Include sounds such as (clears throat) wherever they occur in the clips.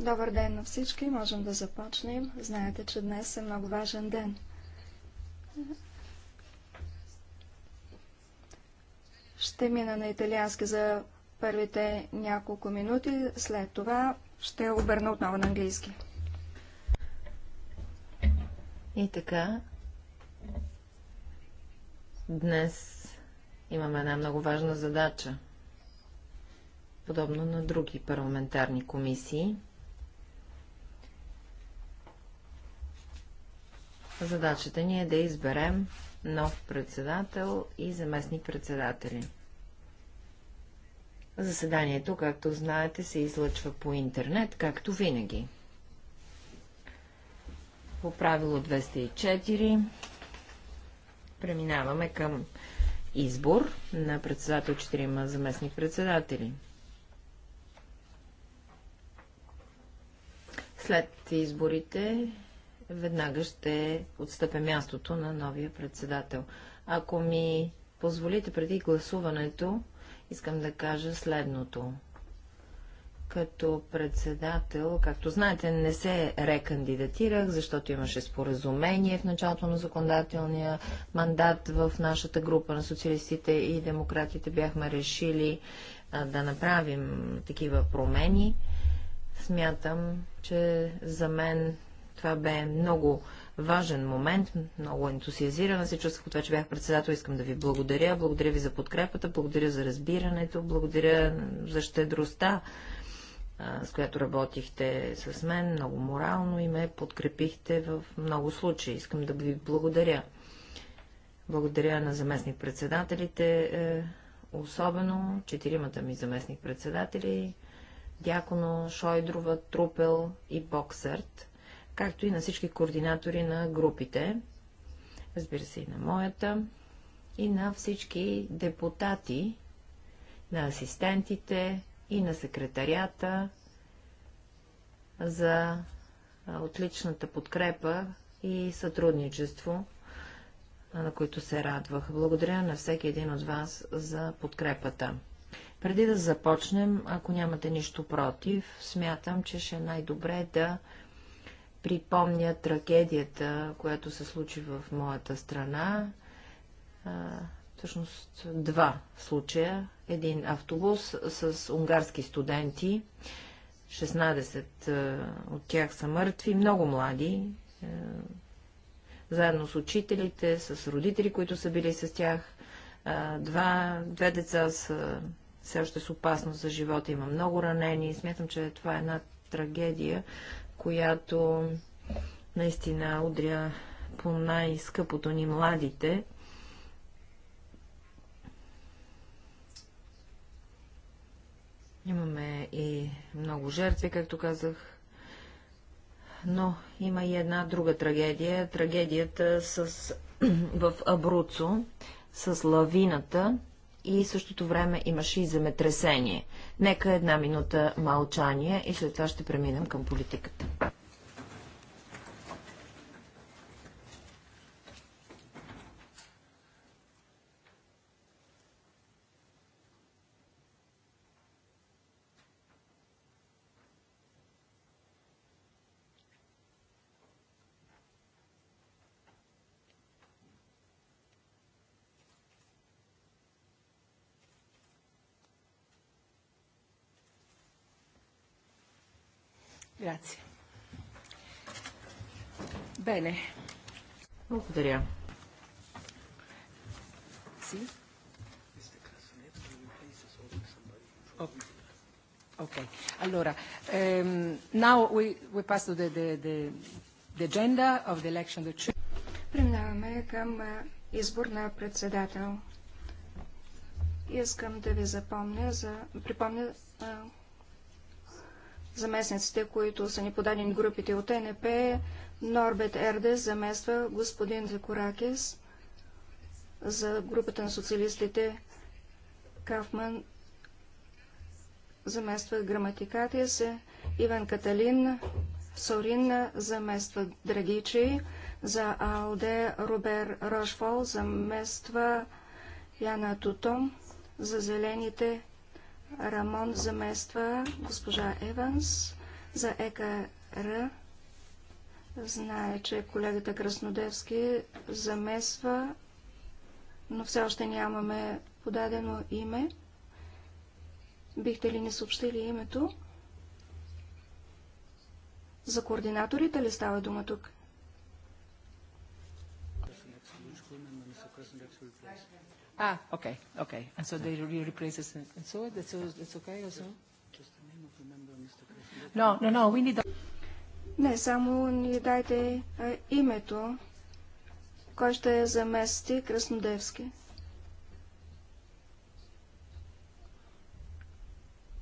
Добър ден на всички. Можем да започнем. Знаете, че днес е много важен ден. Ще мина на италиански за първите няколко минути. След това ще обърна отново на английски. И така, днес имаме една много важна задача – подобно на други парламентарни комисии. Задачата ни е да изберем нов председател и заместни председатели. Заседанието, както знаете, се излъчва по интернет, както винаги. По правило 204 преминаваме към избор на председател 4 заместни председатели. След изборите веднага ще отстъпя мястото на новия председател. Ако ми позволите преди гласуването, искам да кажа следното. Като председател, както знаете, не се рекандидатирах, защото имаше споразумение в началото на законодателния мандат в нашата група на социалистите и демократите. Бяхме решили а, да направим такива промени Смятам, че за мен това бе много важен момент. Много ентусиазирана се чувствах от това, че бях председател. Искам да ви благодаря. Благодаря ви за подкрепата, благодаря за разбирането, благодаря за щедростта, с която работихте с мен, много морално и ме подкрепихте в много случаи. Искам да ви благодаря. Благодаря на заместник-председателите, е, особено четиримата ми заместник-председатели, Дяконо, Шойдрова, Трупел и Боксърт, както и на всички координатори на групите, разбира се и на моята, и на всички депутати, на асистентите и на секретарията за отличната подкрепа и сътрудничество, на които се радвах. Благодаря на всеки един от вас за подкрепата. Преди да започнем, ако нямате нищо против, смятам, че ще е най-добре да припомня трагедията, която се случи в моята страна. всъщност два случая. Един автобус с унгарски студенти, 16 от тях са мъртви, много млади, заедно с учителите, с родители, които са били с тях. два, две деца са все още с опасност за живота. Има много ранени. Смятам, че това е една трагедия, която наистина удря по най-скъпото ни младите. Имаме и много жертви, както казах, но има и една друга трагедия. Трагедията с... (clears throat) в Абруцо, с лавината и същото време имаше и земетресение. Нека една минута мълчание и след това ще преминем към политиката. Grazie. Bene. Благодаря. Си? Okay. Allora, um, now we, we pass to the, the, the, the agenda of the election. The... Преминаваме към е, избор на председател. Искам да ви запомня за, припомня а, е, заместниците, които са ни подадени групите от НП. Норбет Ерде замества господин Декоракис за групата на социалистите. Кафман замества Граматикатис. Иван Каталин Сорин замества Драгичи. За Алде Робер Рошфол замества Яна Тутом. За зелените Рамон замества госпожа Еванс за ЕКР. Знае, че колегата Краснодевски замества, но все още нямаме подадено име. Бихте ли ни съобщили името? За координаторите ли става дума тук? Ah, ah, okay, okay. And so they re replaces and, and so that's, that's okay also? No, no, no, we need Не, само ни дайте а, името, кой ще замести Краснодевски.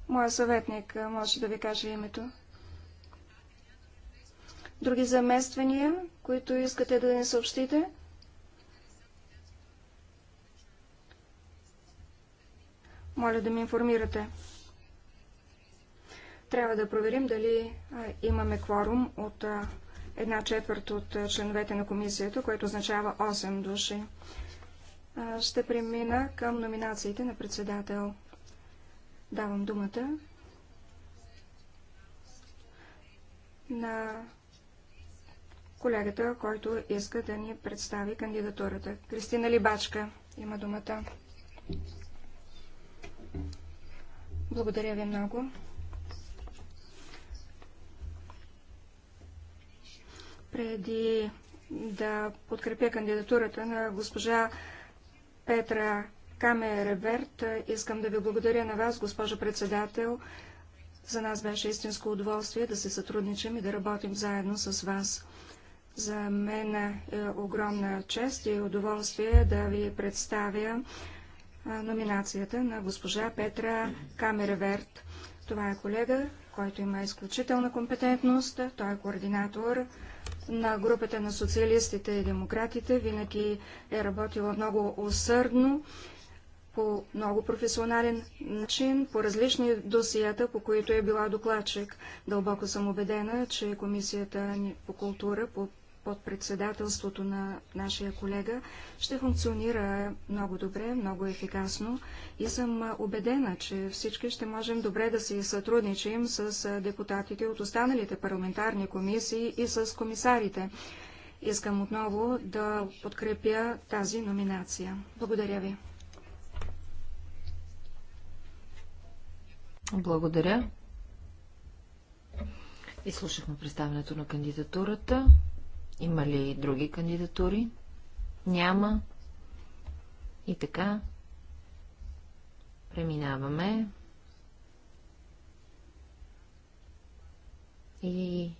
Моя съветник може да ви каже името. Други замествания, които искате да ни съобщите? Моля да ми информирате. Трябва да проверим дали имаме кворум от една четвърт от членовете на комисията, което означава 8 души. Ще премина към номинациите на председател. Давам думата на колегата, който иска да ни представи кандидатурата. Кристина Либачка има думата. Благодаря ви много. Преди да подкрепя кандидатурата на госпожа Петра Камереверт, искам да ви благодаря на вас, госпожо председател. За нас беше истинско удоволствие да се сътрудничим и да работим заедно с вас. За мен е огромна чест и удоволствие да ви представя номинацията на госпожа Петра Камерверт. Това е колега, който има изключителна компетентност. Той е координатор на групата на социалистите и демократите. Винаги е работила много усърдно, по много професионален начин, по различни досията, по които е била докладчик. Дълбоко съм убедена, че Комисията по култура по под председателството на нашия колега ще функционира много добре, много ефикасно и съм убедена, че всички ще можем добре да си сътрудничим с депутатите от останалите парламентарни комисии и с комисарите. Искам отново да подкрепя тази номинация. Благодаря ви. Благодаря. Изслушахме представянето на кандидатурата. Има ли други кандидатури? Няма. И така. Преминаваме. И...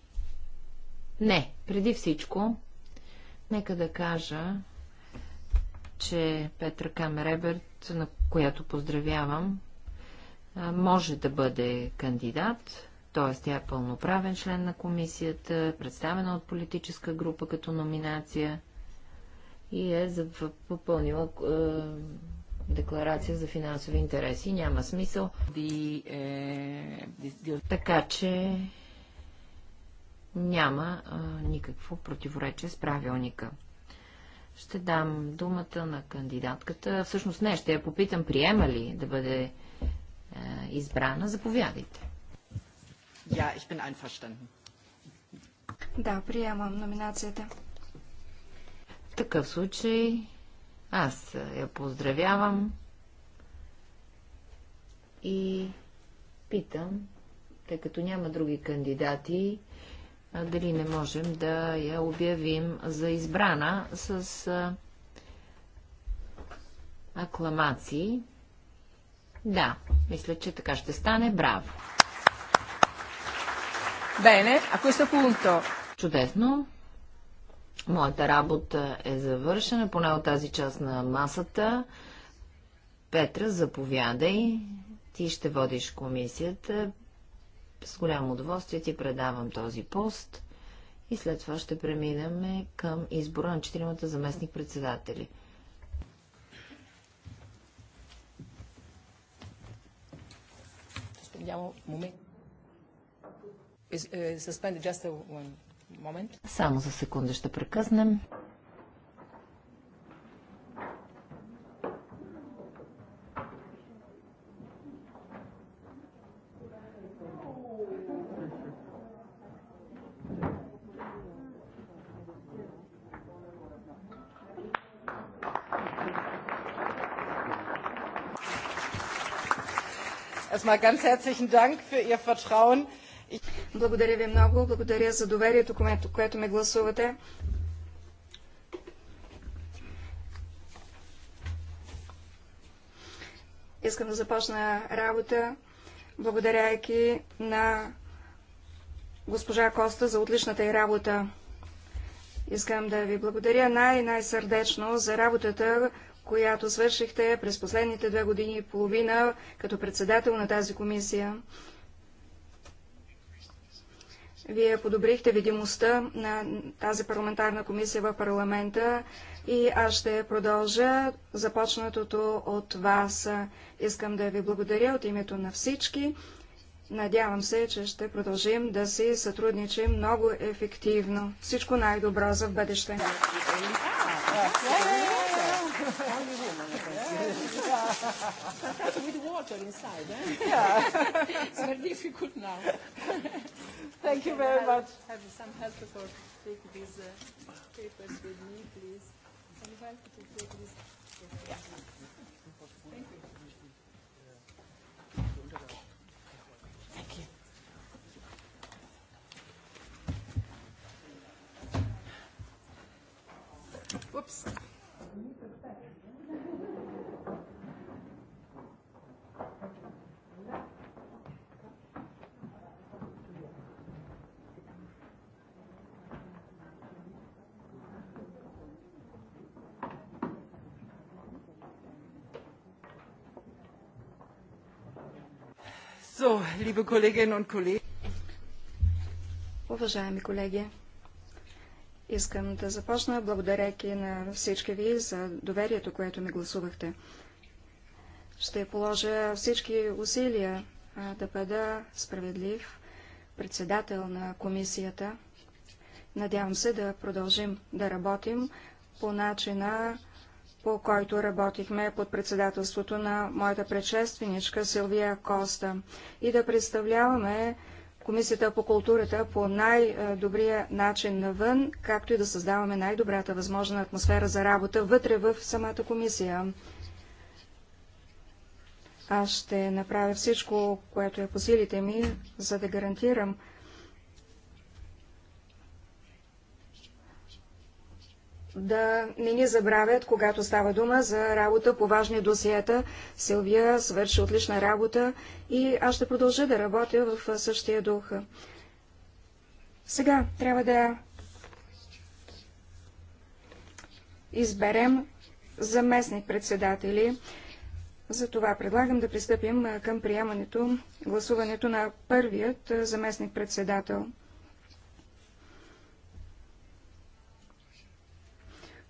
Не, преди всичко, нека да кажа, че Петра Камереберт, на която поздравявам, може да бъде кандидат т.е. тя е пълноправен член на комисията, представена от политическа група като номинация и е попълнила е, декларация за финансови интереси. Няма смисъл. Е, така че няма е, никакво противоречие с правилника. Ще дам думата на кандидатката. Всъщност не, ще я попитам, приема ли да бъде е, избрана. Заповядайте. Ja, ich bin einverstanden. Да, приемам номинацията. В такъв случай аз я поздравявам и питам, тъй като няма други кандидати, дали не можем да я обявим за избрана с акламации. Да, мисля, че така ще стане. Браво! а a са пункто. Чудесно. Моята работа е завършена, поне от тази част на масата. Петра, заповядай. Ти ще водиш комисията. С голямо удоволствие ти предавам този пост. И след това ще преминем към избора на четиримата заместник-председатели. Ще un момент. Само за секунда ще прекъснем. Erstmal ganz herzlichen Dank für Ihr Vertrauen. Благодаря ви много. Благодаря за доверието, което ме гласувате. Искам да започна работа, благодаряйки на госпожа Коста за отличната й работа. Искам да ви благодаря най-най-сърдечно за работата, която свършихте през последните две години и половина като председател на тази комисия. Вие подобрихте видимостта на тази парламентарна комисия в парламента и аз ще продължа започнатото от вас. Искам да ви благодаря от името на всички. Надявам се, че ще продължим да си сътрудничим много ефективно. Всичко най-добро за в бъдеще! Fantastic with water inside, eh? Yeah. it's very difficult now. Thank you very much. Have some help for take these uh, papers with me, please. Can you help to take this? Yeah. Thank you. Thank you. Whoops. liebe Kolleginnen und Kollegen. Уважаеми колеги, искам да започна благодаряки на всички ви за доверието, което ми гласувахте. Ще положа всички усилия да бъда справедлив председател на комисията. Надявам се да продължим да работим по начина, по който работихме под председателството на моята предшественичка Силвия Коста и да представляваме Комисията по културата по най-добрия начин навън, както и да създаваме най-добрата възможна атмосфера за работа вътре в самата комисия. Аз ще направя всичко, което е по силите ми, за да гарантирам да не ни забравят, когато става дума за работа по важни досиета. Силвия свърши отлична работа и аз ще продължа да работя в същия дух. Сега трябва да изберем заместник-председатели. Затова предлагам да пристъпим към приемането, гласуването на първият заместник-председател.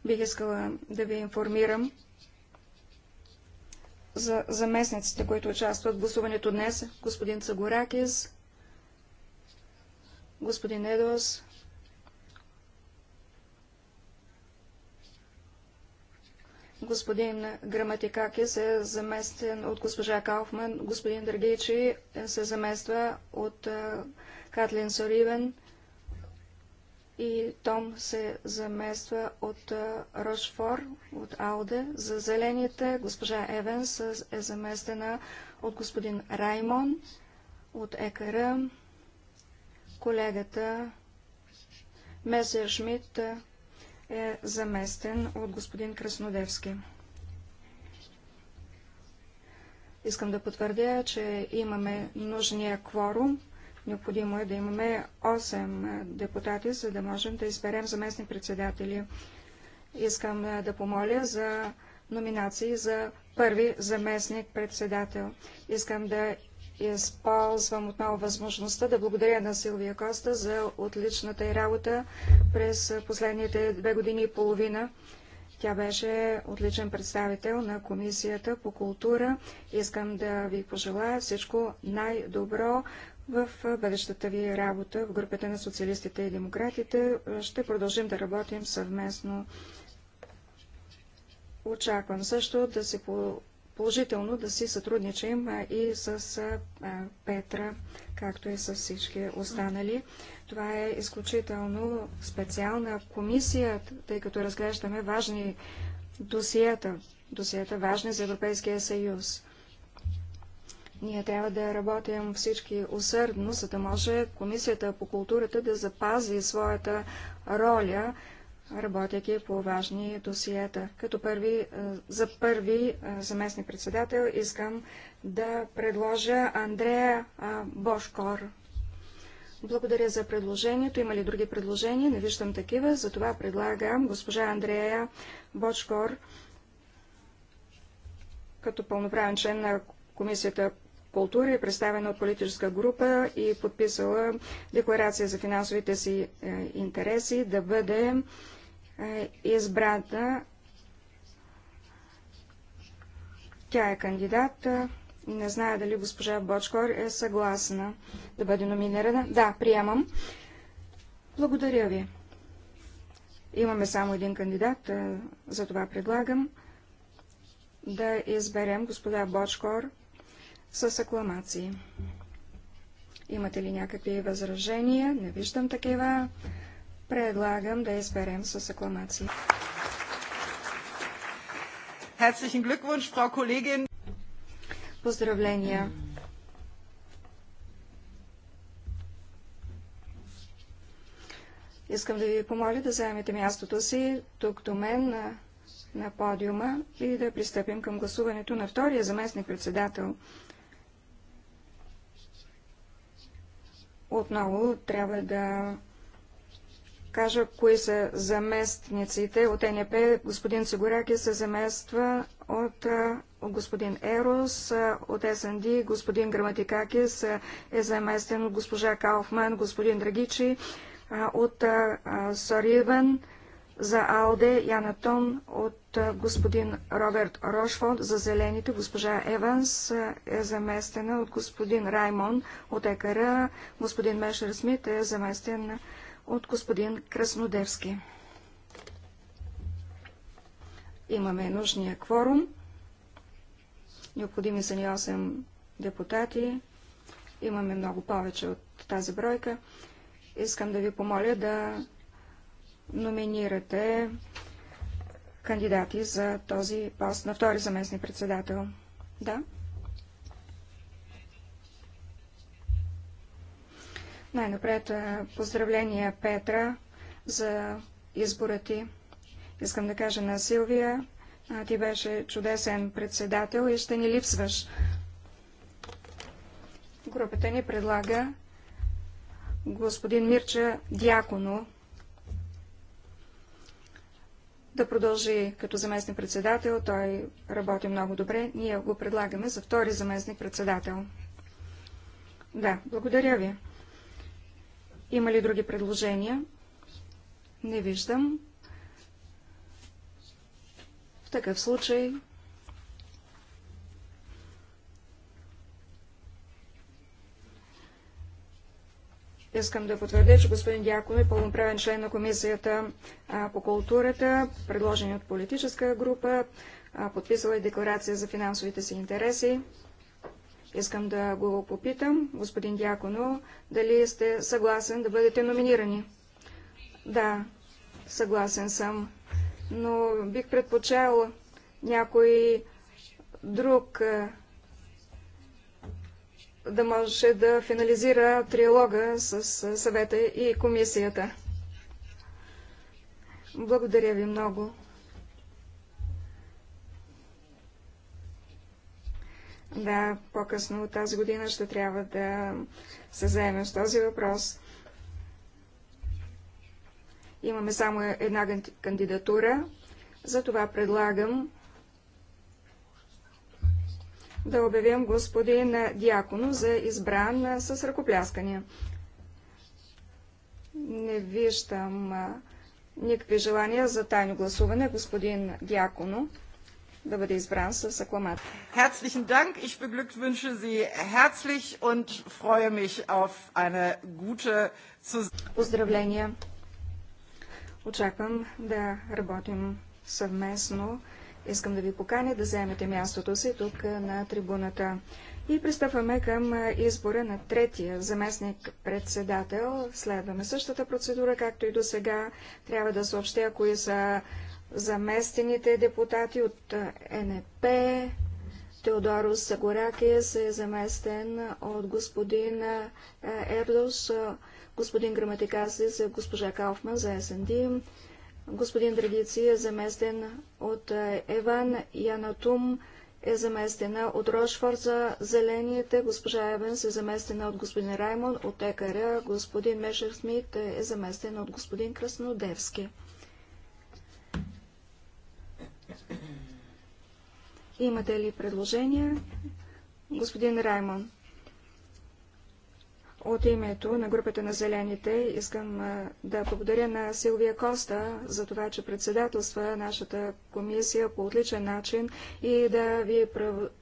бих искала да ви информирам за заместниците, които участват в гласуването днес. Господин Цагоракис, господин Едос, господин Граматикакис е заместен от госпожа Кауфман, господин Драгичи се замества от Катлин Соривен, и Том се замества от Рошфор, от Ауде. За зелените госпожа Евенс е, е заместена от господин Раймон, от ЕКР, колегата Месер Шмидт е заместен от господин Краснодевски. Искам да потвърдя, че имаме нужния кворум Необходимо е да имаме 8 е, депутати, за да можем да изберем заместни председатели. Искам е, да помоля за номинации за първи заместник председател. Искам да използвам отново възможността да благодаря на Силвия Коста за отличната й работа през е, последните две години и половина. Тя беше отличен представител на Комисията по култура. Искам да ви пожелая всичко най-добро в бъдещата ви работа в групата на социалистите и демократите ще продължим да работим съвместно. Очаквам също да се положително да си сътрудничим и с Петра, както и с всички останали. Това е изключително специална комисия, тъй като разглеждаме важни досиета, досиета важни за Европейския съюз. Ние трябва да работим всички усърдно, за да може Комисията по културата да запази своята роля, работейки по важни досиета. Като първи, е, за първи е, заместник председател искам да предложа Андрея е, Бошкор. Благодаря за предложението. Има ли други предложения? Не виждам такива. Затова предлагам госпожа Андрея Бочкор като пълноправен член на Комисията култура е представена от политическа група и подписала декларация за финансовите си е, интереси, да бъде е, избрана. Тя е кандидат. Не знае дали госпожа Бочкор е съгласна да бъде номинирана. Да, приемам. Благодаря ви. Имаме само един кандидат, е, за това предлагам да изберем господа Бочкор с акламации. Имате ли някакви възражения? Не виждам такива. Предлагам да изберем с акламации. Herzlichen Glückwunsch, Frau Kollegin. Поздравления. Искам да ви помоля да заемете мястото си тук до мен на, на подиума и да пристъпим към гласуването на втория заместник председател отново трябва да кажа кои са заместниците от НП. Господин Сигураки се замества от господин Ерос, от СНД, господин Граматикакис е заместен от госпожа Кауфман, господин Драгичи от Соривен, за Алде Яна Тон от господин Роберт Рошфорд, за зелените госпожа Еванс е заместена от господин Раймон от ЕКР, господин Мешер Смит е заместен от господин Краснодевски. Имаме нужния кворум. Необходими са ни 8 депутати. Имаме много повече от тази бройка. Искам да ви помоля да номинирате кандидати за този пост на втори заместник председател? Да. Най-напред поздравления Петра за избора ти. Искам да кажа на Силвия, ти беше чудесен председател и ще ни липсваш. Групата ни предлага господин Мирча Дяконо да продължи като заместник председател. Той работи много добре. Ние го предлагаме за втори заместник председател. Да, благодаря ви. Има ли други предложения? Не виждам. В такъв случай Искам да потвърдя, че господин Дяков е пълноправен член на Комисията по културата, предложен от политическа група, подписала и декларация за финансовите си интереси. Искам да го попитам, господин Дяконо, дали сте съгласен да бъдете номинирани. Да, съгласен съм, но бих предпочел някой друг да може да финализира триалога с съвета и комисията. Благодаря ви много. Да, по-късно тази година ще трябва да се заемем с този въпрос. Имаме само една кандидатура, затова предлагам да обявим господин Дяконов за избран с ръкопляскания. Не виждам никакви желания за тайно гласуване. Господин Дяконо да бъде избран с акламат. Herzlichen Dank. Ich beglückwünsche Sie herzlich und freue mich auf eine gute Поздравления. Очаквам да работим съвместно Искам да ви поканя да заемете мястото си тук на трибуната. И пристъпваме към избора на третия заместник председател. Следваме същата процедура, както и до сега. Трябва да съобщя, кои са заместените депутати от НП. Теодорос Сагоракис е заместен от господин Ердос, господин Граматикасис, е госпожа Кауфман за СНД, Господин Драгици е заместен от Еван Янатум, е заместена от Рошфор за зелените, госпожа Евенс е заместена от господин Раймон, от Екаря, господин Мешер Смит е заместен от господин Краснодевски. Имате ли предложения? Господин Раймон. От името на групата на зелените искам да благодаря на Силвия Коста за това, че председателства нашата комисия по отличен начин и да ви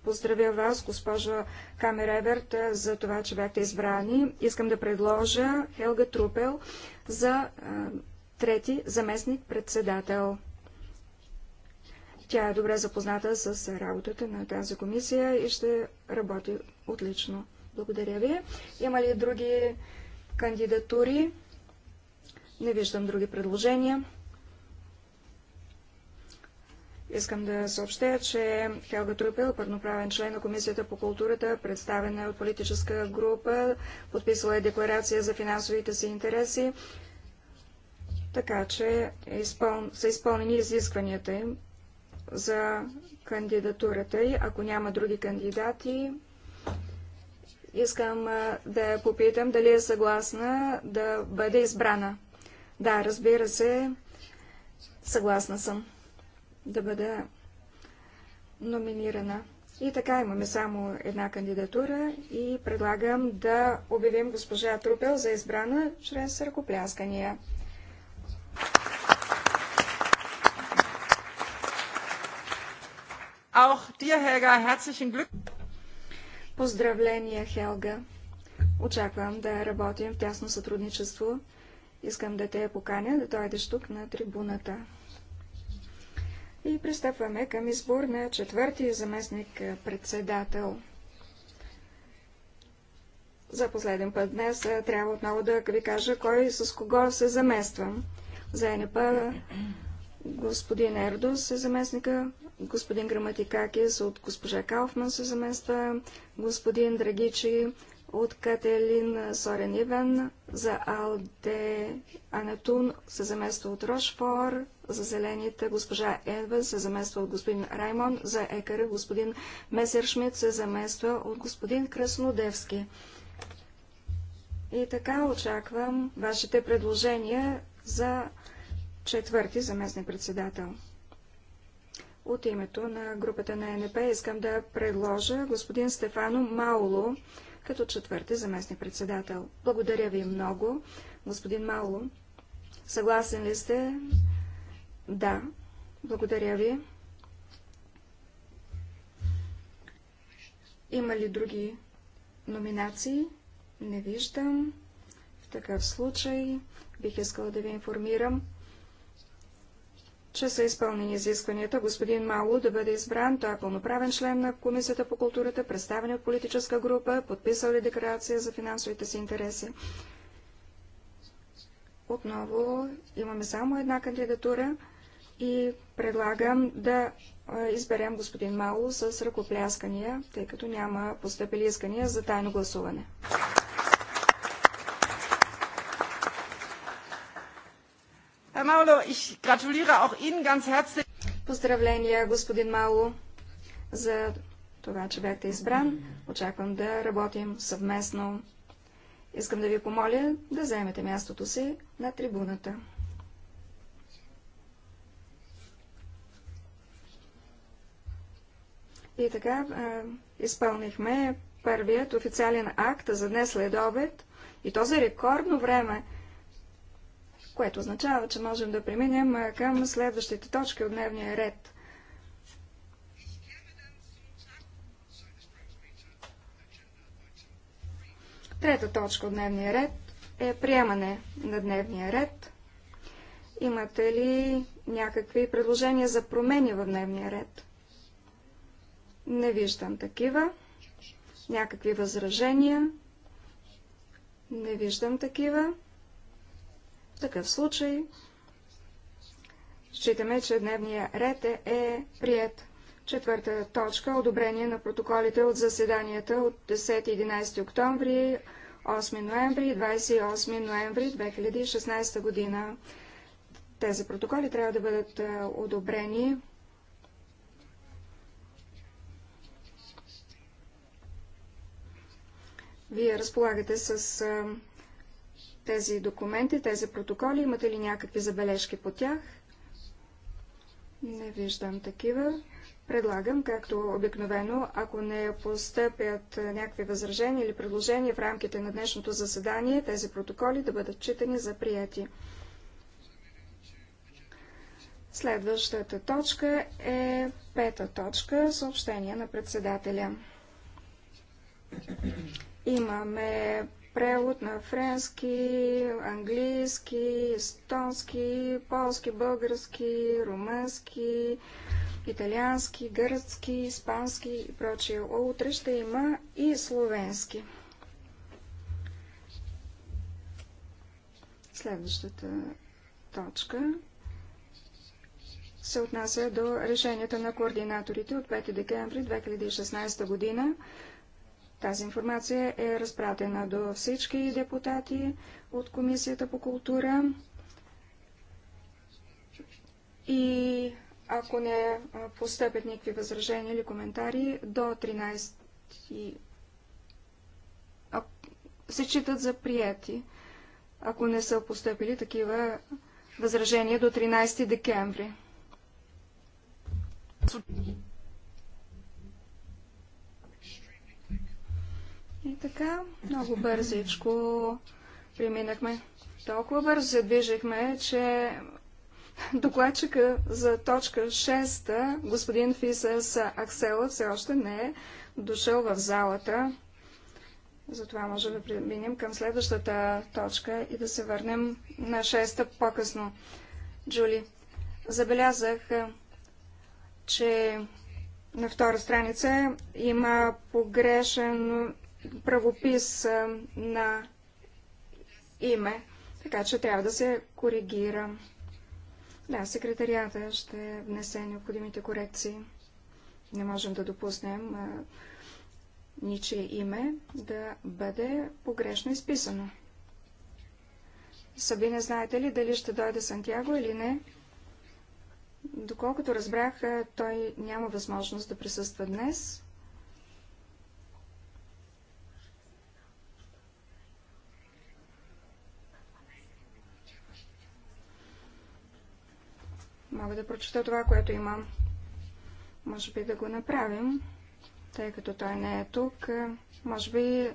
поздравя вас, госпожо Камереверт, за това, че бяхте избрани. Искам да предложа Хелга Трупел за трети заместник-председател. Тя е добре запозната с работата на тази комисия и ще работи отлично. Благодаря ви. Има ли други кандидатури? Не виждам други предложения. Искам да съобщя, че Хелга Трупел, първоправен член на Комисията по културата, представена от политическа група, подписала е декларация за финансовите си интереси, така че изпъл... са изпълнени изискванията им за кандидатурата й. Ако няма други кандидати, Искам да попитам дали е съгласна да бъде избрана. Да, разбира се, съгласна съм да бъда номинирана. И така имаме само една кандидатура и предлагам да обявим госпожа Трупел за избрана чрез ръкопляскания. Auch dir, Helga, herzlichen Glückwunsch. Поздравления, Хелга! Очаквам да работим в тясно сътрудничество. Искам да те я поканя да дойдеш тук на трибуната. И пристъпваме към избор на четвърти заместник-председател. За последен път днес трябва отново да ви кажа кой с кого се замествам. За НП господин Ердос е заместника господин Граматикакис от госпожа Кауфман се замества, господин Драгичи от Кателин Сорен Ивен, за Алде Анатун се замества от Рошфор, за Зелените госпожа Едва се замества от господин Раймон, за Екара господин Месершмит се замества от господин Краснодевски. И така очаквам вашите предложения за четвърти заместник председател. От името на групата на ЕНП искам да предложа господин Стефано Мауло като четвърти заместник председател. Благодаря ви много. Господин Мауло, съгласен ли сте? Да. Благодаря ви. Има ли други номинации? Не виждам. В такъв случай бих искала да ви информирам, че са изпълнени изискванията господин Мало да бъде избран. Той е пълноправен член на Комисията по културата, представен от политическа група, подписал ли е декларация за финансовите си интереси. Отново имаме само една кандидатура и предлагам да изберем господин Мало с ръкопляскания, тъй като няма постъпили искания за тайно гласуване. Herr Maulo, ich gratuliere auch Ihnen ganz herzlich. Поздравления, господин Мало, за това, че бяхте избран. Очаквам да работим съвместно. Искам да ви помоля да займете мястото си на трибуната. И така изпълнихме първият официален акт за днес след обед и то за рекордно време – което означава, че можем да преминем към следващите точки от дневния ред. Трета точка от дневния ред е приемане на дневния ред. Имате ли някакви предложения за промени в дневния ред? Не виждам такива. Някакви възражения? Не виждам такива. В такъв случай считаме, че дневния ред е, е, прият. Четвърта точка – одобрение на протоколите от заседанията от 10-11 октомври, 8 ноември и 28 ноември 2016 година. Тези протоколи трябва да бъдат е, одобрени. Вие разполагате с е, тези документи, тези протоколи. Имате ли някакви забележки по тях? Не виждам такива. Предлагам, както обикновено, ако не постъпят някакви възражения или предложения в рамките на днешното заседание, тези протоколи да бъдат читани за прияти. Следващата точка е пета точка – съобщение на председателя. Имаме превод на френски, английски, естонски, полски, български, румънски, италиански, гръцки, испански и прочие. Утре ще има и словенски. Следващата точка се отнася до решенията на координаторите от 5 декември 2016 година тази информация е разпратена до всички депутати от Комисията по култура. И ако не постъпят никакви възражения или коментари, до 13 се считат за прияти, ако не са постъпили такива възражения до 13 декември. И така, много бързичко преминахме. Толкова бързо се движихме, че докладчика за точка 6, господин Фисас Аксела, все още не е дошъл в залата. Затова може да преминем към следващата точка и да се върнем на 6-та по-късно. Джули, забелязах, че на втора страница има погрешен правопис на име, така че трябва да се коригира. Да, секретарията ще внесе необходимите корекции. Не можем да допуснем ничие име да бъде погрешно изписано. не знаете ли дали ще дойде Сантьяго или не? Доколкото разбрах, той няма възможност да присъства днес. Мога да прочета това, което имам. Може би да го направим, тъй като той не е тук. Може би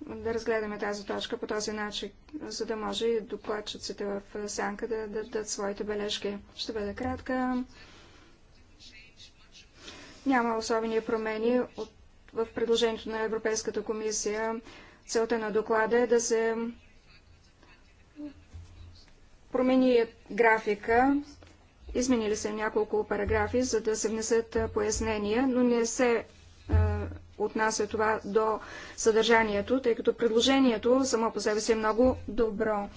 да разгледаме тази точка по този начин, за да може и докладчиците в сянка да дадат своите бележки. Ще бъде кратка. Няма особени промени от, в предложението на Европейската комисия. Целта на доклада е да се промени графика Изменили се няколко параграфи, за да се внесат пояснения, но не се отнася това до съдържанието, тъй като предложението само по себе си е много добро.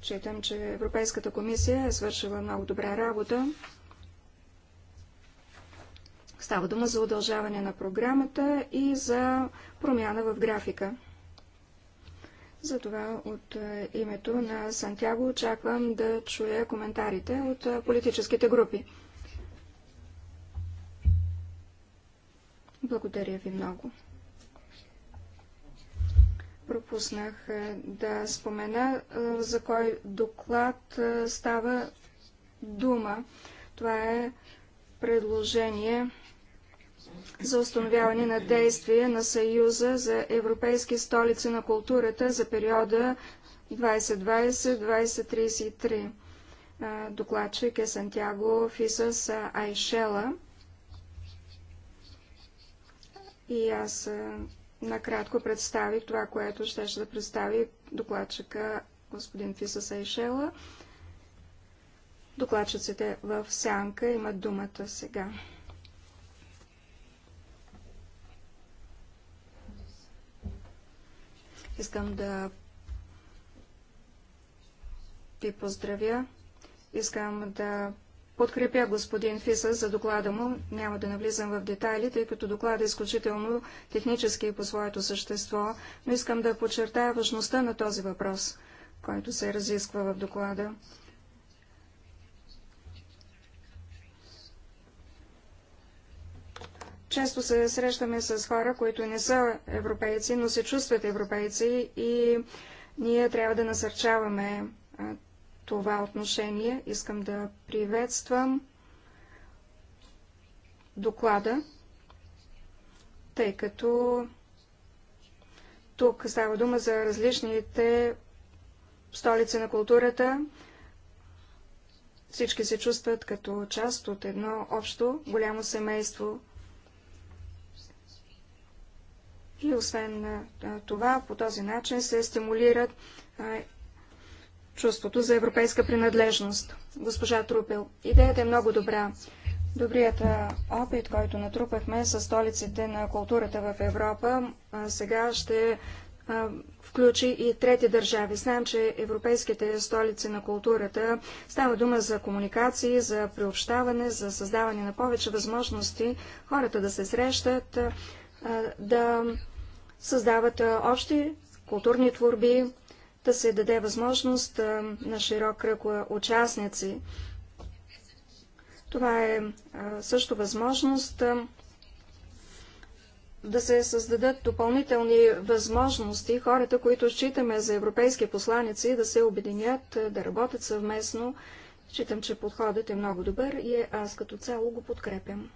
Четам, че Европейската комисия е свършила много добра работа. Става дума за удължаване на програмата и за промяна в графика. Затова от е, името на Сантяго очаквам да чуя коментарите от е, политическите групи. Благодаря ви много. Пропуснах е, да спомена за кой доклад става дума. Това е предложение за установяване на действие на Съюза за европейски столици на културата за периода 2020-2033. Докладчик е Сантьяго Фисас Айшела. И аз накратко представих това, което ще, ще да представи докладчика господин Фисас Айшела. Докладчиците в сянка имат думата сега. Искам да ви поздравя. Искам да подкрепя господин Фиса за доклада му. Няма да навлизам в детайли, тъй като докладът е изключително технически и по своето същество, но искам да подчертая важността на този въпрос, който се разисква в доклада. Често се срещаме с хора, които не са европейци, но се чувстват европейци и ние трябва да насърчаваме това отношение. Искам да приветствам доклада, тъй като тук става дума за различните столици на културата. Всички се чувстват като част от едно общо голямо семейство – И освен това, по този начин се стимулират чувството за европейска принадлежност. Госпожа Трупел, идеята е много добра. Добрият опит, който натрупахме с столиците на културата в Европа, сега ще включи и трети държави. Знаем, че европейските столици на културата става дума за комуникации, за приобщаване, за създаване на повече възможности хората да се срещат, да създават общи културни творби, да се даде възможност на широк кръг участници. Това е също възможност да се създадат допълнителни възможности хората, които считаме за европейски посланици, да се обединят, да работят съвместно. Считам, че подходът е много добър и е, аз като цяло го подкрепям.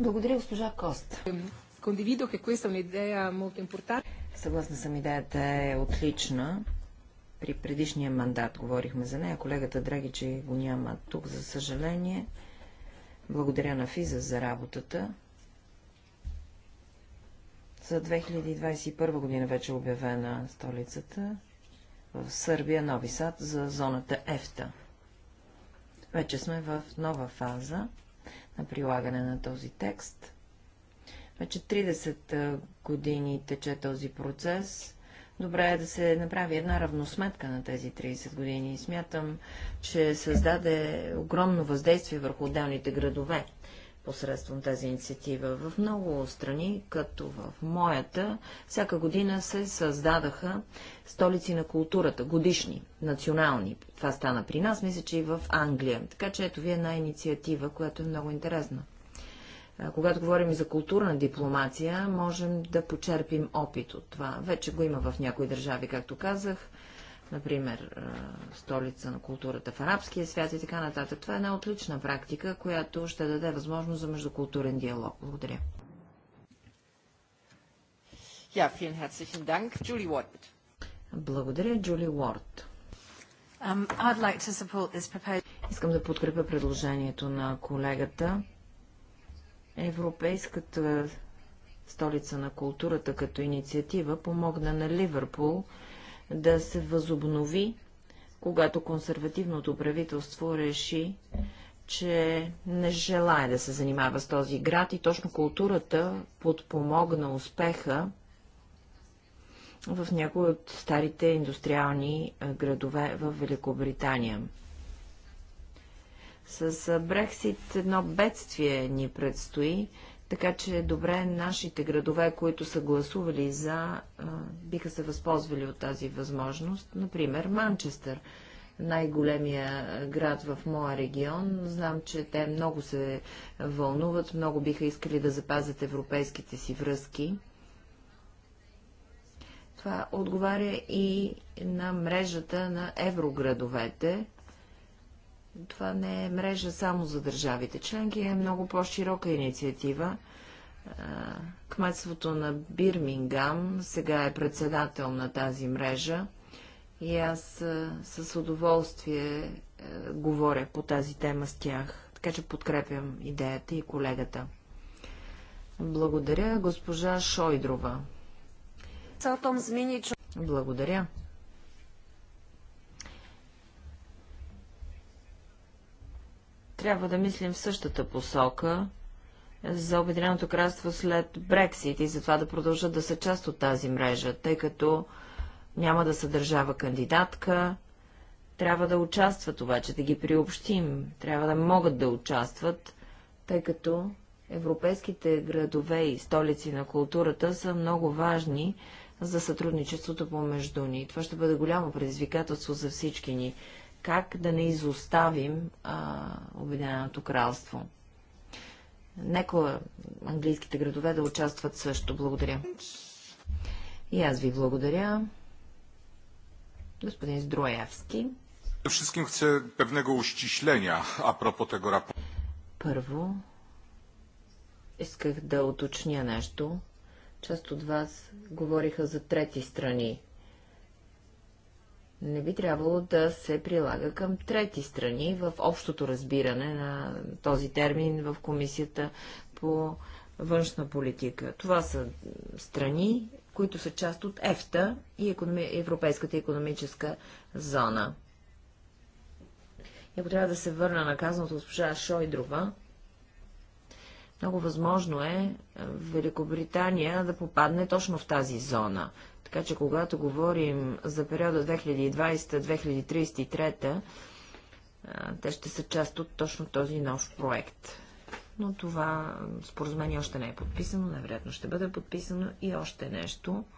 Благодаря, госпожа Кост. Condivido che questa è un'idea Съгласна съм, идеята е отлична. При предишния мандат говорихме за нея. Колегата че го няма тук, за съжаление. Благодаря на Физа за работата. За 2021 година вече е обявена столицата в Сърбия, Нови Сад, за зоната ЕФТА. Вече сме в нова фаза на прилагане на този текст. Вече 30 години тече този процес. Добре е да се направи една равносметка на тези 30 години. Смятам, че създаде огромно въздействие върху отделните градове посредством тази инициатива. В много страни, като в моята, всяка година се създадаха столици на културата, годишни, национални. Това стана при нас, мисля, че и в Англия. Така че ето ви една инициатива, която е много интересна. Когато говорим и за културна дипломация, можем да почерпим опит от това. Вече го има в някои държави, както казах например, столица на културата в арабския свят и така нататък. Това е една отлична практика, която ще даде възможност за междукултурен диалог. Благодаря. Ja, vielen herzlichen Dank. Julie Ward, bitte. Благодаря, Джули Уорд. Um, like Искам да подкрепя предложението на колегата. Европейската столица на културата като инициатива помогна на Ливърпул да се възобнови, когато консервативното правителство реши, че не желая да се занимава с този град и точно културата подпомогна успеха в някои от старите индустриални градове в Великобритания. С Брексит едно бедствие ни предстои, така че добре нашите градове, които са гласували за, биха се възползвали от тази възможност. Например, Манчестър, най-големия град в моя регион. Знам, че те много се вълнуват, много биха искали да запазят европейските си връзки. Това отговаря и на мрежата на евроградовете, това не е мрежа само за държавите членки, е много по-широка инициатива. Кметството на Бирмингам сега е председател на тази мрежа и аз с удоволствие говоря по тази тема с тях, така че подкрепям идеята и колегата. Благодаря, госпожа Шойдрова. Е Благодаря. трябва да мислим в същата посока за Обединеното кралство след Брексит и затова да продължат да са част от тази мрежа, тъй като няма да са държава кандидатка, трябва да участват обаче, да ги приобщим, трябва да могат да участват, тъй като европейските градове и столици на културата са много важни за сътрудничеството помежду ни. Това ще бъде голямо предизвикателство за всички ни как да не изоставим а, Обединеното кралство. Нека английските градове да участват също. Благодаря. И аз ви благодаря. Господин Здроевски. Wszystkim chcę pewnego uściślenia a propos tego raportu. Първо, исках да уточня нещо. Част от вас говориха за трети страни не би трябвало да се прилага към трети страни в общото разбиране на този термин в Комисията по външна политика. Това са страни, които са част от ЕФТА и Европейската економическа зона. И ако трябва да се върна на казаното госпожа Шойдрова, много възможно е, е Великобритания да попадне точно в тази зона. Така че, когато говорим за периода 2020-2033, е, те ще са част от точно този нов проект. Но това споразумение още не е подписано, най-вероятно ще бъде подписано и още нещо –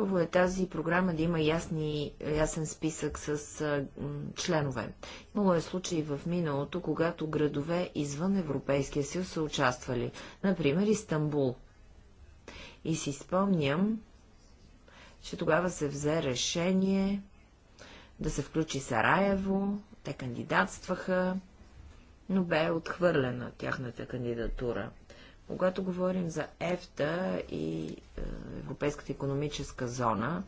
Хубаво е тази програма да има ясни, ясен списък с а, членове. Имало е случаи в миналото, когато градове извън Европейския съюз са участвали. Например, Истанбул. И си спомням, че тогава се взе решение да се включи Сараево, те кандидатстваха, но бе отхвърлена тяхната кандидатура. Когато говорим за ЕФТА и е, Европейската економическа зона,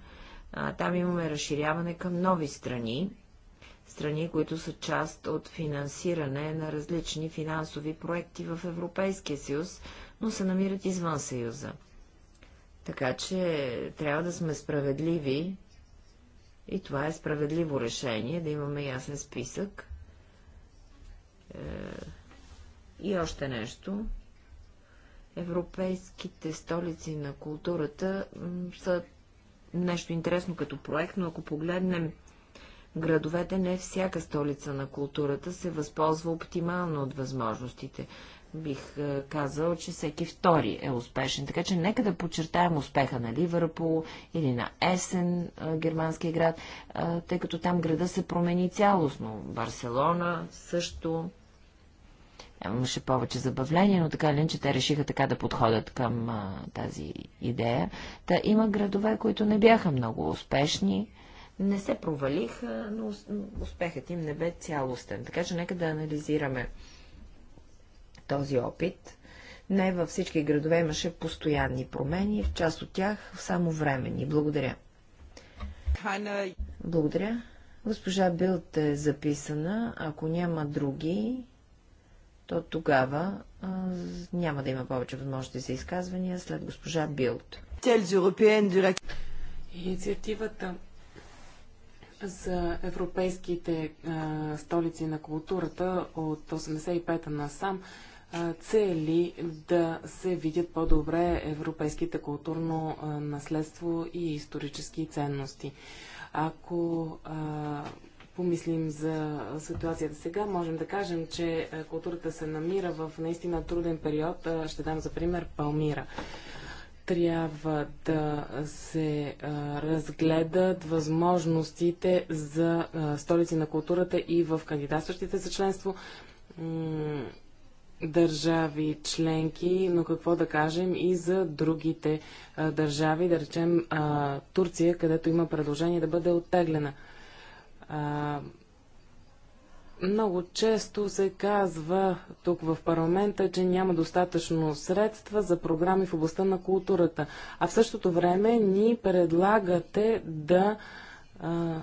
там имаме разширяване към нови страни, страни, които са част от финансиране на различни финансови проекти в Европейския съюз, но се намират извън съюза. Така че трябва да сме справедливи и това е справедливо решение, да имаме ясен списък. Е, и още нещо. Европейските столици на културата са нещо интересно като проект, но ако погледнем градовете, не всяка столица на културата се възползва оптимално от възможностите. Бих е, казал, че всеки втори е успешен. Така че нека да подчертаем успеха на Ливърпул или на Есен, е, германския град, е, тъй като там града се промени цялостно. Барселона също имаше повече забавление, но така ли, че те решиха така да подходят към а, тази идея. Та има градове, които не бяха много успешни, не се провалиха, но успехът им не бе цялостен. Така че нека да анализираме този опит. Не във всички градове имаше постоянни промени, в част от тях само времени. Благодаря. Благодаря. Госпожа Билт е записана. Ако няма други, то тогава а, няма да има повече възможности за изказвания след госпожа Билт. Инициативата за европейските а, столици на културата от 85-та насам цели да се видят по-добре европейските културно а, наследство и исторически ценности. Ако а, помислим за ситуацията сега, можем да кажем, че е, културата се намира в наистина труден период. Е, ще дам за пример Палмира. Трябва да се е, разгледат възможностите за столици на културата и в кандидатстващите за членство държави членки, но какво да кажем и за другите а, държави, да речем а, Турция, където има предложение да бъде оттеглена. А, много често се казва тук в парламента, че няма достатъчно средства за програми в областта на културата. А в същото време ни предлагате да а,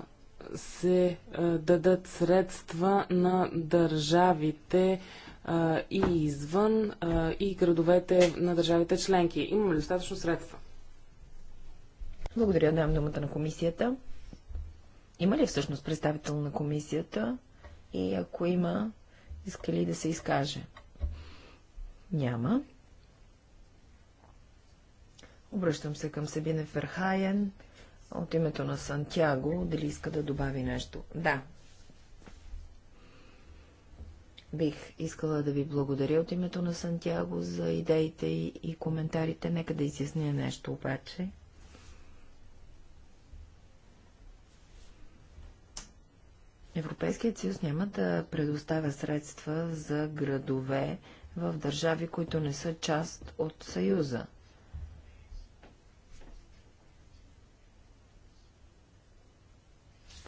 се а, дадат средства на държавите а, и извън а, и градовете на държавите членки. Имаме ли достатъчно средства? Благодаря. Дам думата на комисията. Има ли всъщност представител на комисията? И ако има, иска ли да се изкаже? Няма. Обръщам се към Сабина Ферхайен от името на Сантяго, дали иска да добави нещо. Да. Бих искала да ви благодаря от името на Сантяго за идеите и коментарите. Нека да изясня нещо обаче. Европейският съюз няма да предоставя средства за градове в държави, които не са част от Съюза.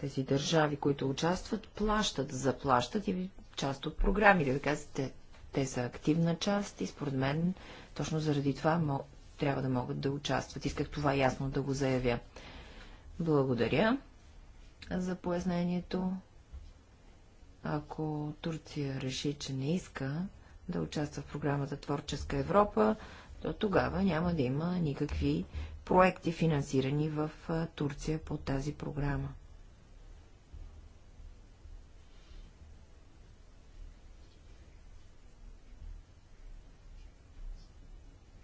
Тези държави, които участват, плащат, заплащат и част от програмите. Така те, те са активна част и според мен точно заради това трябва да могат да участват. Исках това ясно да го заявя. Благодаря за пояснението. Ако Турция реши, че не иска да участва в програмата Творческа Европа, то тогава няма да има никакви проекти финансирани в Турция по тази програма.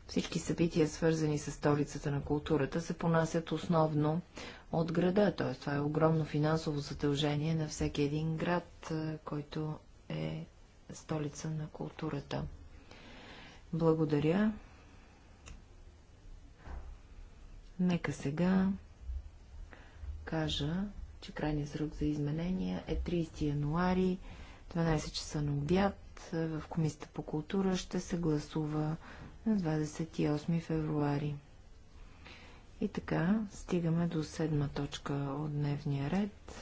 Всички събития, свързани с столицата на културата, се понасят основно от града. Т.е. това е огромно финансово задължение на всеки един град, който е столица на културата. Благодаря. Нека сега кажа, че крайният срок за изменения е 30 януари, 12 часа на обяд. В Комисията по култура ще се гласува на 28 февруари. И така, стигаме до седма точка от дневния ред,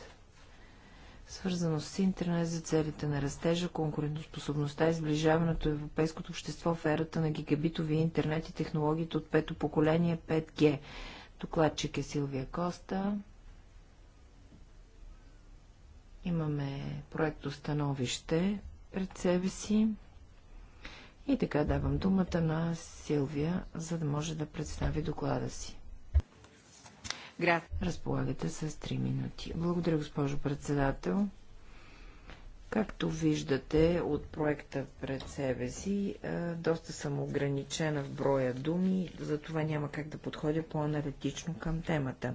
свързано с интернет за целите на растежа, конкурентоспособността и сближаването европейското общество в ерата на гигабитови интернет и технологиите от пето поколение 5G. Докладчик е Силвия Коста. Имаме проекто становище пред себе си. И така давам думата на Силвия, за да може да представи доклада си. Град. Разполагате с 3 минути. Благодаря, госпожо председател. Както виждате от проекта пред себе си, е, доста съм ограничена в броя думи, затова няма как да подходя по-аналитично към темата.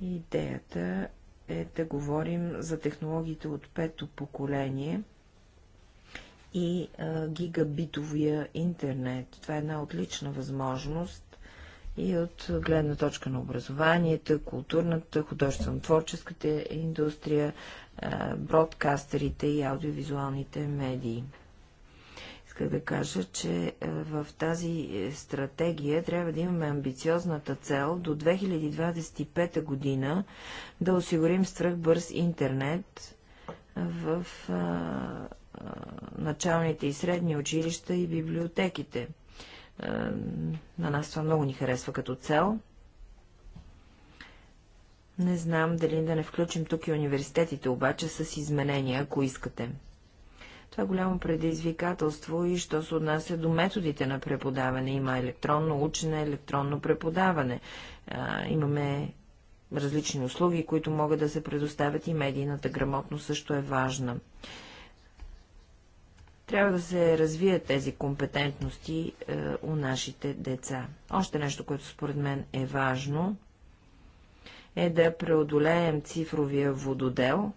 Идеята е да говорим за технологиите от пето поколение – и а, гигабитовия интернет. Това е една отлична възможност и от гледна точка на образованието, културната, художествено-творческата индустрия, а, бродкастерите и аудиовизуалните медии. Иска да кажа, че а, в тази е, стратегия трябва да имаме амбициозната цел до 2025 година да осигурим свръхбърз интернет в а, началните и средни училища и библиотеките. На нас това много ни харесва като цел. Не знам дали да не включим тук и университетите, обаче с изменения, ако искате. Това е голямо предизвикателство и що се отнася до методите на преподаване. Има електронно учене, електронно преподаване. имаме различни услуги, които могат да се предоставят и медийната грамотност също е важна. Трябва да се развият тези компетентности е, у нашите деца. Още нещо, което според мен е важно, е да преодолеем цифровия вододел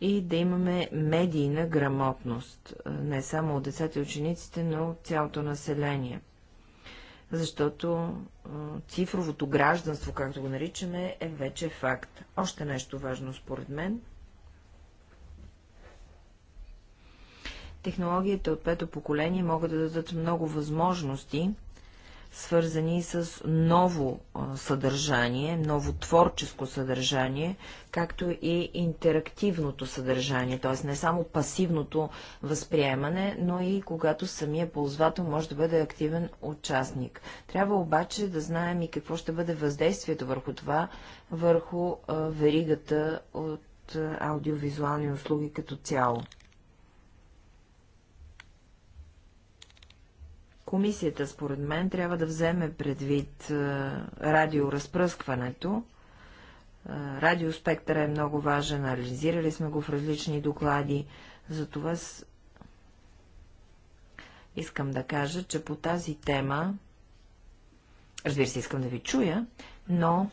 и да имаме медийна грамотност, е, не само от децата и учениците, но от цялото население защото е, цифровото гражданство, както го наричаме, е вече факт. Още нещо важно според мен Технологиите от пето поколение могат да дадат много възможности, свързани с ново съдържание, ново творческо съдържание, както и интерактивното съдържание, т.е. не само пасивното възприемане, но и когато самия ползвател може да бъде активен участник. Трябва обаче да знаем и какво ще бъде въздействието върху това, върху веригата от аудиовизуални услуги като цяло. Комисията, според мен, трябва да вземе предвид е, радиоразпръскването. Е, радиоспектъра е много важен, анализирали сме го в различни доклади, затова с... искам да кажа, че по тази тема, разбира се, искам да ви чуя, но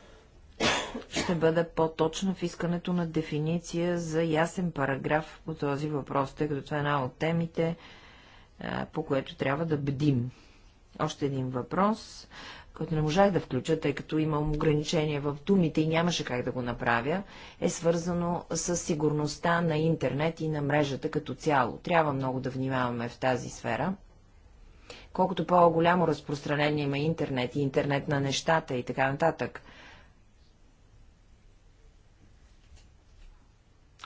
ще бъда по-точна в искането на дефиниция за ясен параграф по този въпрос, тъй като това е една от темите, по което трябва да бдим. Още един въпрос, който не можах да включа, тъй като имам ограничения в думите и нямаше как да го направя, е свързано с сигурността на интернет и на мрежата като цяло. Трябва много да внимаваме в тази сфера. Колкото по-голямо разпространение има интернет и интернет на нещата и така нататък,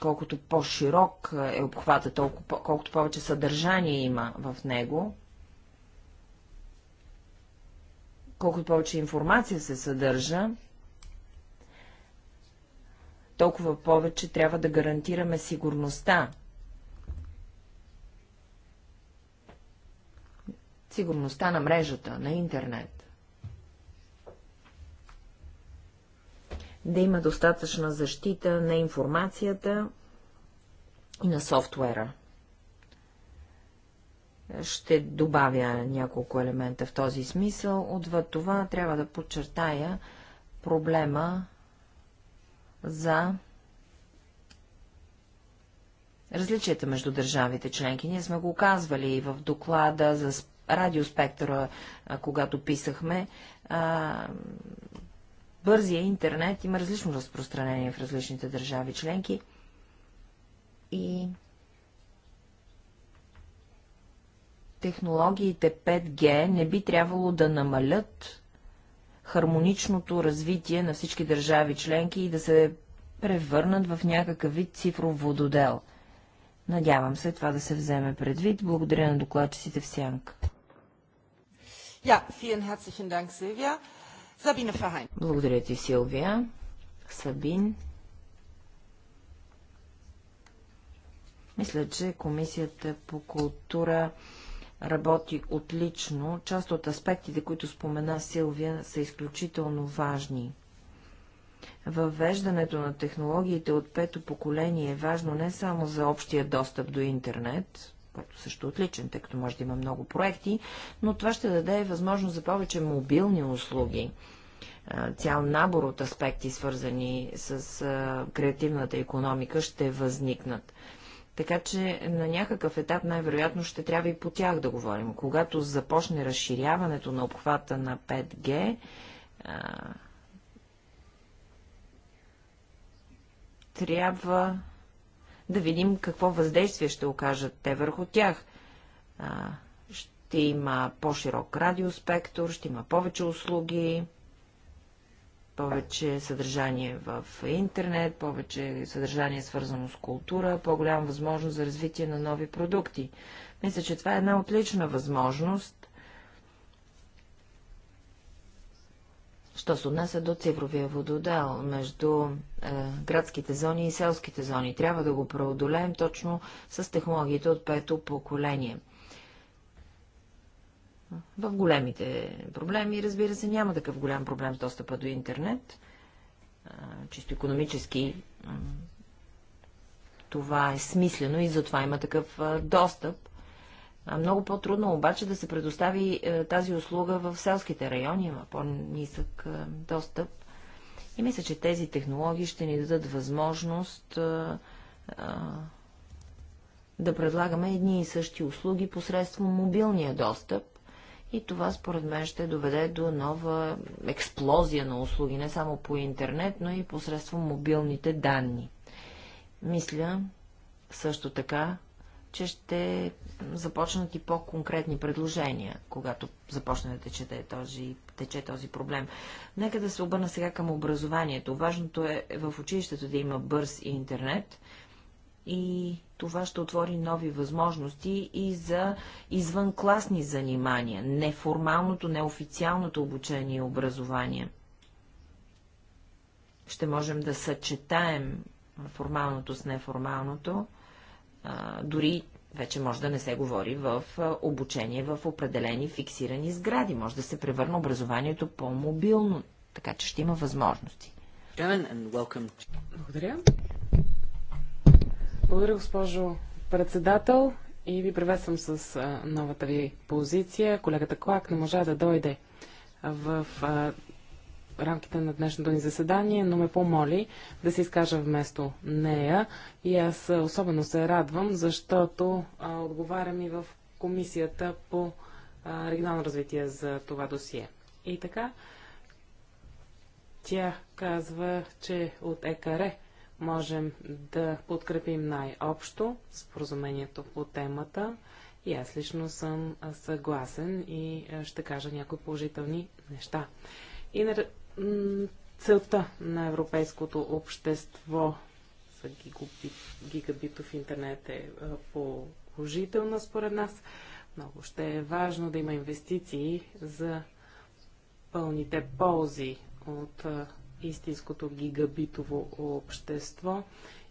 Колкото по-широк е обхвата, толкова, колкото повече съдържание има в него, колкото повече информация се съдържа, толкова повече трябва да гарантираме сигурността. Сигурността на мрежата, на интернет. да има достатъчна защита на информацията и на софтуера. Ще добавя няколко елемента в този смисъл. Отвъд това трябва да подчертая проблема за различията между държавите членки. Ние сме го казвали и в доклада за радиоспектъра, когато писахме бързия интернет има различно разпространение в различните държави членки и технологиите 5G не би трябвало да намалят хармоничното развитие на всички държави членки и да се превърнат в някакъв вид цифров вододел. Надявам се това да се вземе предвид. Благодаря на докладчиците в Сянка. Ja, vielen herzlichen Dank, Silvia. Сабина Фахайн. Благодаря ти, Силвия. Сабин. Мисля, че Комисията по култура работи отлично. Част от аспектите, които спомена Силвия, са изключително важни. Въвеждането на технологиите от пето поколение е важно не само за общия достъп до интернет, който също е отличен, тъй като може да има много проекти, но това ще даде възможност за повече мобилни услуги цял набор от аспекти, свързани с креативната економика, ще възникнат. Така че на някакъв етап най-вероятно ще трябва и по тях да говорим. Когато започне разширяването на обхвата на 5G, трябва да видим какво въздействие ще окажат те върху тях. А, ще има по-широк радиоспектор, ще има повече услуги, повече съдържание в интернет, повече съдържание свързано с култура, по-голяма възможност за развитие на нови продукти. Мисля, че това е една отлична възможност Що се отнася до цифровия вододел между е, градските зони и селските зони? Трябва да го преодолеем точно с технологиите от пето поколение. В големите проблеми, разбира се, няма такъв голям проблем с достъпа до интернет. Е, чисто економически това е смислено и затова има такъв е, достъп много по-трудно обаче да се предостави е, тази услуга в селските райони, има по-нисък е, достъп. И мисля, че тези технологии ще ни дадат възможност е, да предлагаме едни и същи услуги посредством мобилния достъп. И това, според мен, ще доведе до нова експлозия на услуги, не само по интернет, но и посредством мобилните данни. Мисля също така, че ще започнат и по-конкретни предложения, когато започне да тече този, тече този проблем. Нека да се обърна сега към образованието. Важното е в училището да има бърз интернет и това ще отвори нови възможности и за извънкласни занимания, неформалното, неофициалното обучение и образование. Ще можем да съчетаем формалното с неформалното, дори вече може да не се говори в обучение в определени фиксирани сгради. Може да се превърне образованието по-мобилно, така че ще има възможности. Благодаря. Благодаря, госпожо председател. И ви приветствам с новата ви позиция. Колегата Клак не можа да дойде в рамките на днешното ни заседание, но ме помоли да се изкажа вместо нея. И аз особено се радвам, защото а, отговарям и в комисията по а, регионално развитие за това досие. И така, тя казва, че от ЕКАРЕ можем да подкрепим най-общо споразумението по темата. И аз лично съм съгласен и ще кажа някои положителни неща. И на целта на европейското общество за гигабит, гигабитов интернет е положителна според нас. Много ще е важно да има инвестиции за пълните ползи от истинското гигабитово общество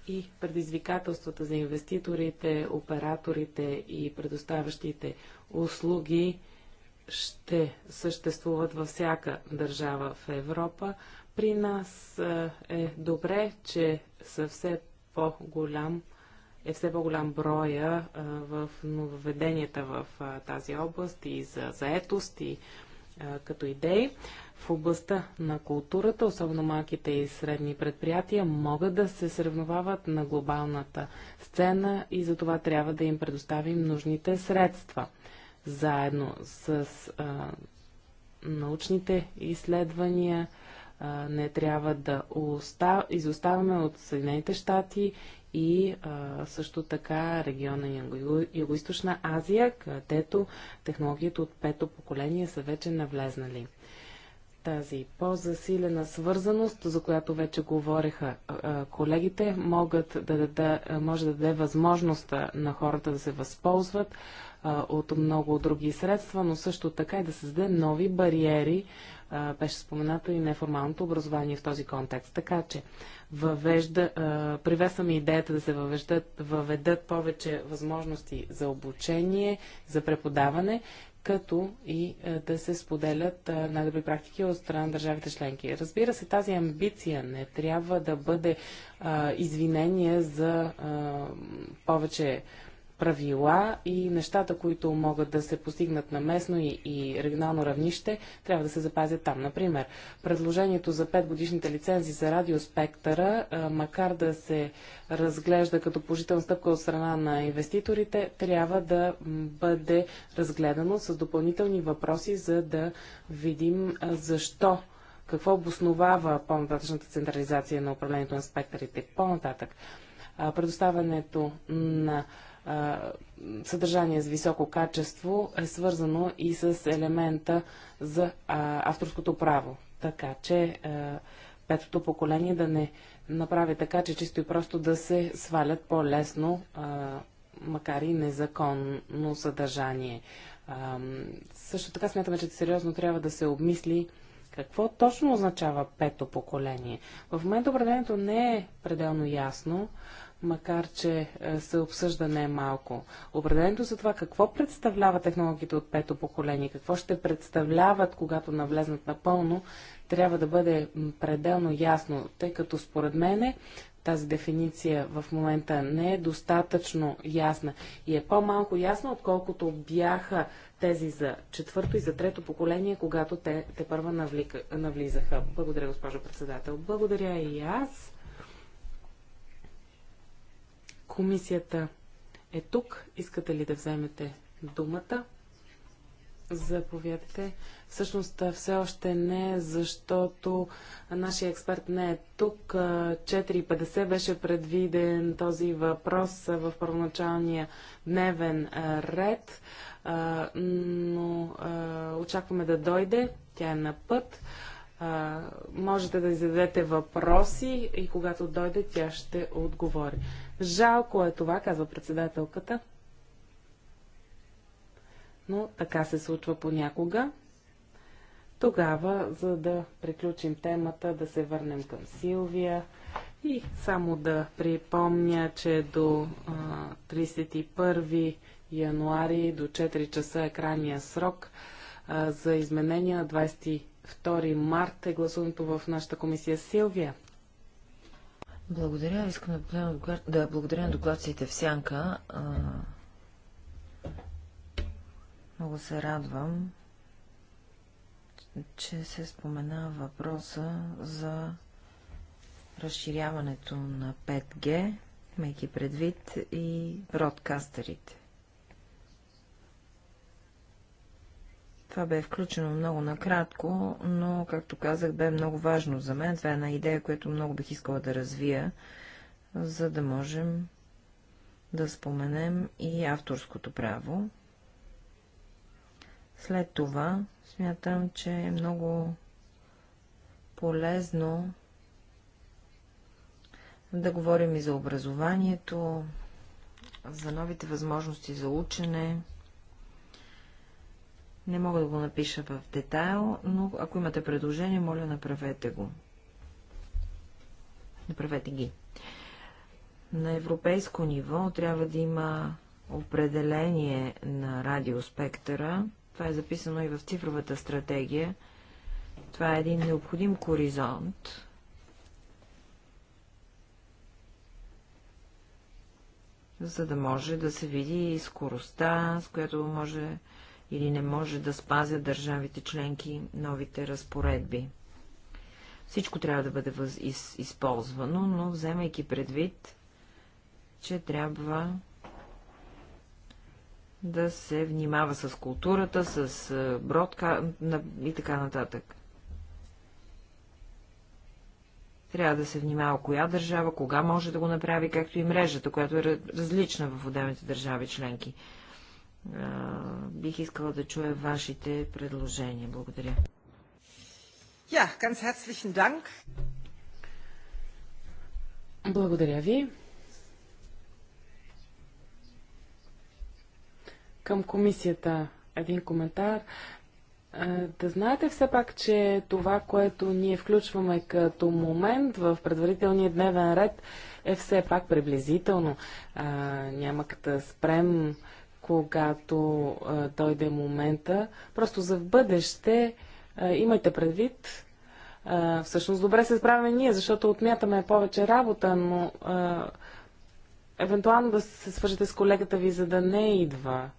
и предизвикателствата за инвеститорите, операторите и предоставящите услуги – ще съществуват във всяка държава в Европа. При нас е добре, че са все по-голям е все по-голям броя в нововведенията в тази област и за заетост и като идеи. В областта на културата, особено малките и средни предприятия, могат да се съревновават на глобалната сцена и за това трябва да им предоставим нужните средства заедно с а, научните изследвания. А, не трябва да остав... изоставаме от Съединените щати и а, също така региона Юго-Источна Азия, където технологията от пето поколение са вече навлезнали тази по-засилена свързаност, за която вече говориха колегите, могат да даде, може да даде възможност на хората да се възползват от много други средства, но също така и да създаде нови бариери. Беше споменато и неформалното образование в този контекст. Така че въвежда, привесваме идеята да се въведат повече възможности за обучение, за преподаване, като и е, да се споделят е, най-добри практики от страна на държавите членки. Разбира се, тази амбиция не трябва да бъде е, извинение за повече правила и нещата, които могат да се постигнат на местно и, и регионално равнище, трябва да се запазят там. Например, предложението за 5 годишните лицензи за радиоспектъра, макар да се разглежда като положителна стъпка от страна на инвеститорите, трябва да бъде разгледано с допълнителни въпроси, за да видим защо какво обосновава по-нататъчната централизация на управлението на спектърите. По-нататък, предоставянето на съдържание с високо качество е свързано и с елемента за авторското право. Така че петото поколение да не направи така, че чисто и просто да се свалят по-лесно, макар и незаконно съдържание. също така смятаме, че сериозно трябва да се обмисли какво точно означава пето поколение. В момента определението не е пределно ясно макар че е, се обсъжда не малко. Определението за това какво представлява технологията от пето поколение, какво ще представляват, когато навлезнат напълно, трябва да бъде пределно ясно, тъй като според мене тази дефиниция в момента не е достатъчно ясна и е по-малко ясна, отколкото бяха тези за четвърто и за трето поколение, когато те, те първа навлика, навлизаха. Благодаря, госпожо председател. Благодаря и аз. Комисията е тук. Искате ли да вземете думата? Заповядайте. Всъщност все още не, защото нашия експерт не е тук. 4.50 беше предвиден този въпрос в първоначалния дневен ред, но очакваме да дойде. Тя е на път. Можете да зададете въпроси и когато дойде, тя ще отговори. Жалко е това, казва председателката. Но така се случва понякога. Тогава, за да приключим темата, да се върнем към Силвия и само да припомня, че до а, 31 януари до 4 часа е крайния срок а, за изменения на 22 март е гласуването в нашата комисия Силвия. Благодаря. Искам да благодаря, да благодаря на докладците в Сянка. Много се радвам, че се спомена въпроса за разширяването на 5G, мейки предвид и бродкастерите. Това бе включено много накратко, но, както казах, бе много важно за мен. Това е една идея, която много бих искала да развия, за да можем да споменем и авторското право. След това смятам, че е много полезно да говорим и за образованието, за новите възможности за учене, не мога да го напиша в детайл, но ако имате предложение, моля, направете го. Направете ги. На европейско ниво трябва да има определение на радиоспектъра. Това е записано и в цифровата стратегия. Това е един необходим хоризонт, за да може да се види и скоростта, с която може или не може да спазят държавите членки новите разпоредби. Всичко трябва да бъде въз... из... използвано, но вземайки предвид, че трябва да се внимава с културата, с бродка и така нататък. Трябва да се внимава коя държава, кога може да го направи, както и мрежата, която е различна в отделните държави членки бих искала да чуя вашите предложения. Благодаря. Ja, ganz herzlichen Dank. Благодаря ви. Към комисията един коментар. Да знаете все пак, че това, което ние включваме като момент в предварителния дневен ред е все пак приблизително. А, няма като да спрем когато а, дойде момента. Просто за в бъдеще а, имайте предвид. А, всъщност добре се справяме ние, защото отмятаме повече работа, но а, евентуално да се свържете с колегата ви, за да не идва.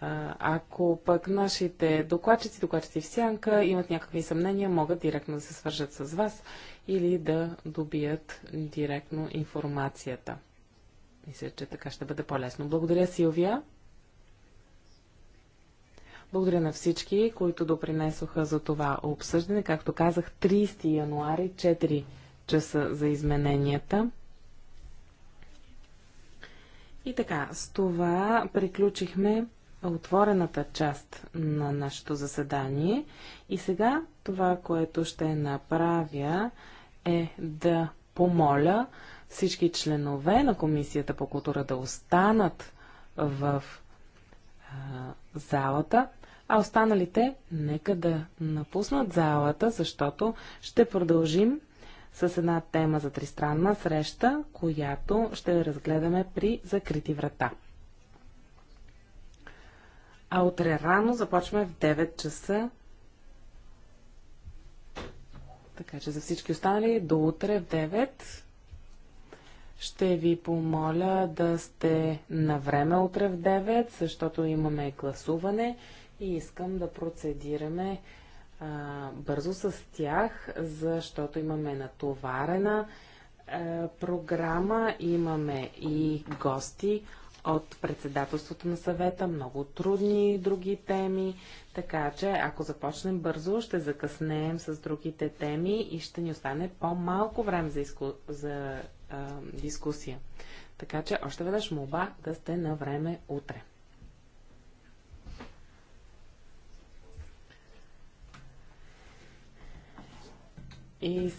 А, ако пък нашите докладчици, докладчици в сянка имат някакви съмнения, могат директно да се свържат с вас или да добият директно информацията. Мисля, че така ще бъде по-лесно. Благодаря, Силвия. Благодаря на всички, които допринесоха за това обсъждане. Както казах, 30 януари, 4 часа за измененията. И така, с това приключихме отворената част на нашето заседание. И сега това, което ще направя е да помоля всички членове на Комисията по култура да останат в залата, а останалите нека да напуснат залата, защото ще продължим с една тема за тристранна среща, която ще разгледаме при закрити врата. А утре рано започваме в 9 часа. Така че за всички останали до утре в 9 ще ви помоля да сте на време утре в 9, защото имаме гласуване и искам да процедираме а, бързо с тях, защото имаме натоварена а, програма, имаме и гости от председателството на съвета, много трудни други теми, така че ако започнем бързо, ще закъснеем с другите теми и ще ни остане по-малко време за, изку... за а, дискусия. Така че още веднъж молба да сте на време утре. и